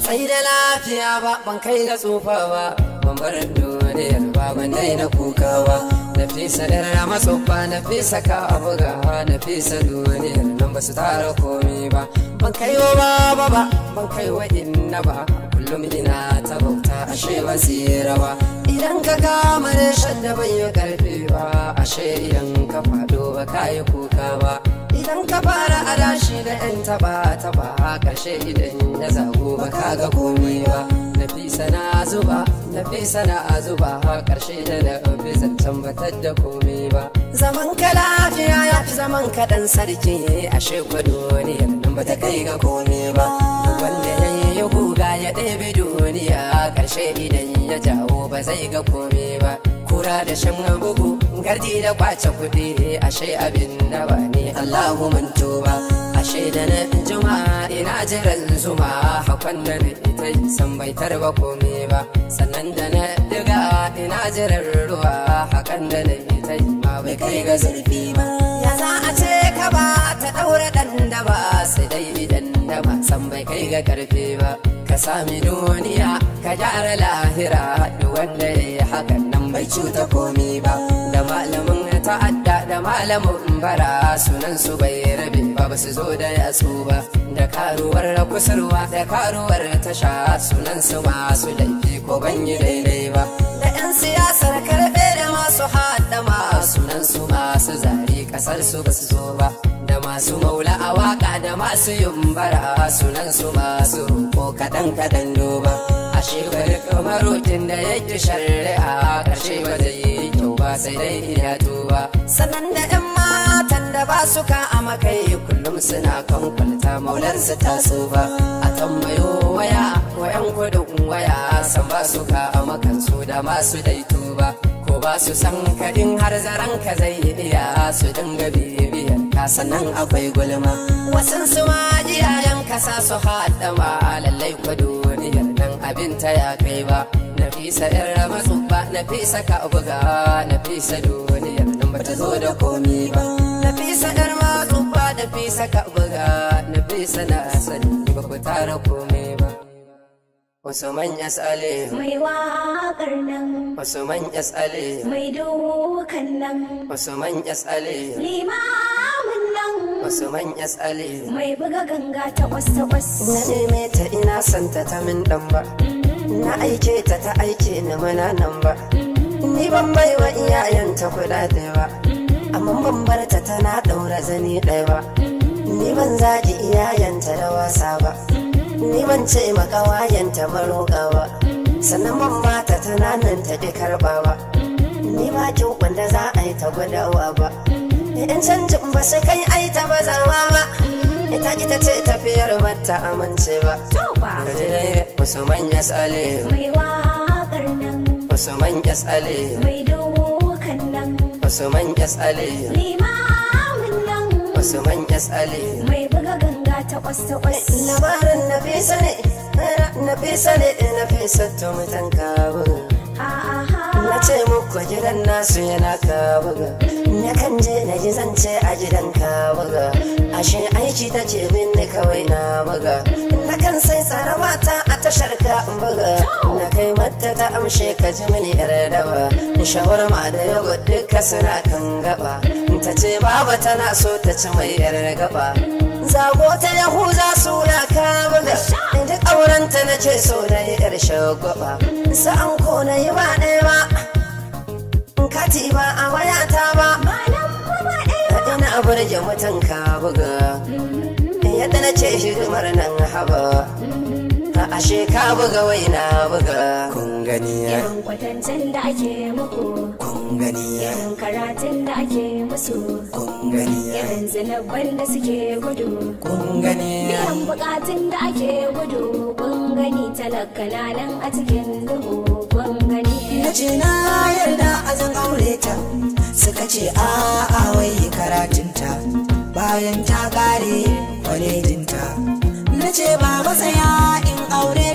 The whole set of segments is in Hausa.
sai da lafiya ba ban kai ga tsufa ba ban bar duniyar ba ban daina kukawa na fisa ɗarra ba na fisa ka abugawa na fisa duniyar nan ba su tara komi ba ban kai wa baba ba ban kai wa inna ba tumina ta bauta ashe ba rawa idan ka kama reshen da bai yi karfe ba ashe idan ka fado ba ka yi kuka ba idan ka fara adashi da yan taba taba karshe idan ya zago ba ka ga komai ba nafisa na zuba nafisa na zuba karshe da na fi zancen batar da komai ba zaman ka lafiya ya fi zaman ka dan sarki ashe kwado ne nan ba ta kai ga komai ba wanda ya ya guga ya ɗebe duniya ƙarshe idan ya jawo ba zai ga kome ba kura da shan bugu gardi da kwace kuɗi ashe abin na ba ne allahu manto ba ashe da na juma ina jiran zuma hakan da na ita san bai tarba kome ba sannan da na diga ina jiran ruwa hakan da na ita ma bai kai ga zurfi ba ya za a ce ka ba ta ɗaura ɗan da ba sai dai idan da ba san bai kai ga karfe ba ka sami duniya ka gyara lahira Da wanda ya yi hakan nan bai cuta komi ba da malamin ta'adda da malamin bara sunan su bai rabe ba ba su zo da yatsu ba da karuwar kusurwa da karuwar tasha sunan su masu laifi ko ban yi daidai ba da 'yan siyasar karbe da masu dama sunan su masu zari kasar su basu zo ba da masu maula a waka da masu yumbara sunan su masu ko kadan kadan doba ashe kamar rutin da yake shari'a karshe ba zai yi kyau ba sai dai iya tuba sanan da yan matan da ba su ka a makai kullum suna kan kwalta maular su taso ba a tambayo waya wa yan kudin waya san ba su ka a su da masu daito ba ko ba su san kaɗin har zaran ka zai iya su dinga bibiyar ka sannan akwai gulma wasan su ma iyayen kasa su haɗa ma lallai ku duniyar nan abin ta ya kai ba nafisa yar rama na nafisa ka buga nafisa duniyar nan ba ta zo da komi ba nafisa yar ma tsubba nafisa ka buga nafisa na sani ba ku tara komai Usman yas'ale mai waƙar nan Usman yas'ale mai dukan nan Usman yas'ale limamin nan Usman yas'ale mai buga ganga ta wasa wasa na neme ta ina santa ta min dan ba mm-hmm. na aike ta ta aike ni mana nan ba mm-hmm. ni ban bai wa iyayenta kuɗa da ba mm-hmm. amma ban bar ta tana ɗaura zani ɗaya ba ni ban zagi iyayenta da wasa ba ni ban ce maka wayan maroƙa ba sannan man mata ta tunanin ta ji karbawa ni ba kyau wanda za a yi ta gwadawa ba in canjin ba sai kai ai ta bazawa ba ita ita ce tafiyar ba ta amince ba ka ji dai wasu manya tsale wasu manya tsale wasu manya tsale wasu manya tsale mai buga takwas takwas labarin na fesa ne na fesa ne na fesa to mutan kawo na ce muku gidan nasu yana kawo na mm. kan je na ji ce a gidan kawo mm. ashe aiki ta ce min ne kawai na buga mm. na kan sai tsara mata a tashar ka buga na kai mata ta amshe ka ji mini yar daba shawarma da yago duka suna kan gaba ta ce baba tana so ta ci mai yar gaba Sako ta Yahuza suna kamuna Duk aurenta na ce so na yi ƙarshen gwaba Sa'an ko na yi ba ɗaya ba Kati ba a wayata ba Ina burge mutum ka buga Yadda na ce hidimar nan haba ashe ka buga wai na buga kun gani ya kwatancen da ake muku gani irin karatun da ake musu kun gani irin zinabban da suke gudu gani biyan bukatun da ake gudu kun gani talaka nan a cikin duhu kun gani nace na yarda a zan aure ta suka ce a a wai karatunta bayan ta kare kwalejinta nace ba matsaya in aure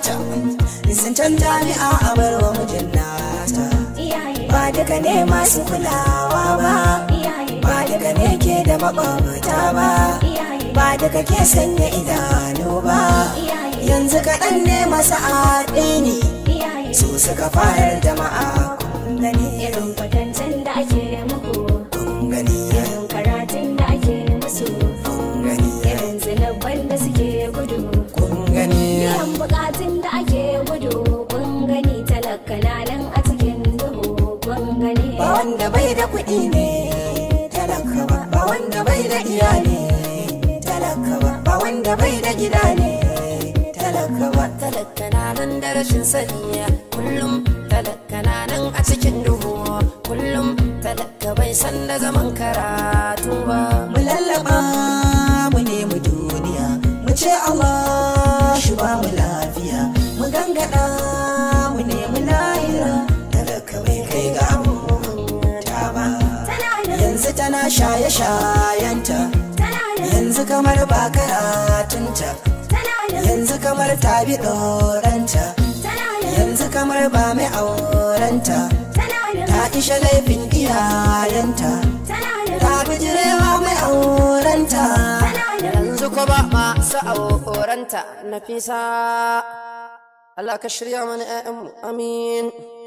nata jami'a a bar wa mijin ta ba daga ne masu kulawa ba ba daga ne ke da makwabta ba ba daga ke sanya idanu ba yanzu kaɗan ne masu aɗe ne su suka fara jama'a wanda bai da kuɗi ne talakawa ba wanda bai da iyali talakawa ba wanda bai da gida ne talakawa talaka na nan da rashin saniya kullum talaka na nan a cikin duhu kullum talaka bai san da zaman karatu ba mu lallaba mu nemi duniya mu ce Allah shaye-shayenta yanzu kamar ba karatunta yanzu kamar ta bi ɗoranta yanzu kamar ba mai aurenta ta ishe laifin iyayenta ta bijirewa mai aurenta yanzu ko ba masu aurenta nafisa Allah ka shirya mana 'ya'yanmu amin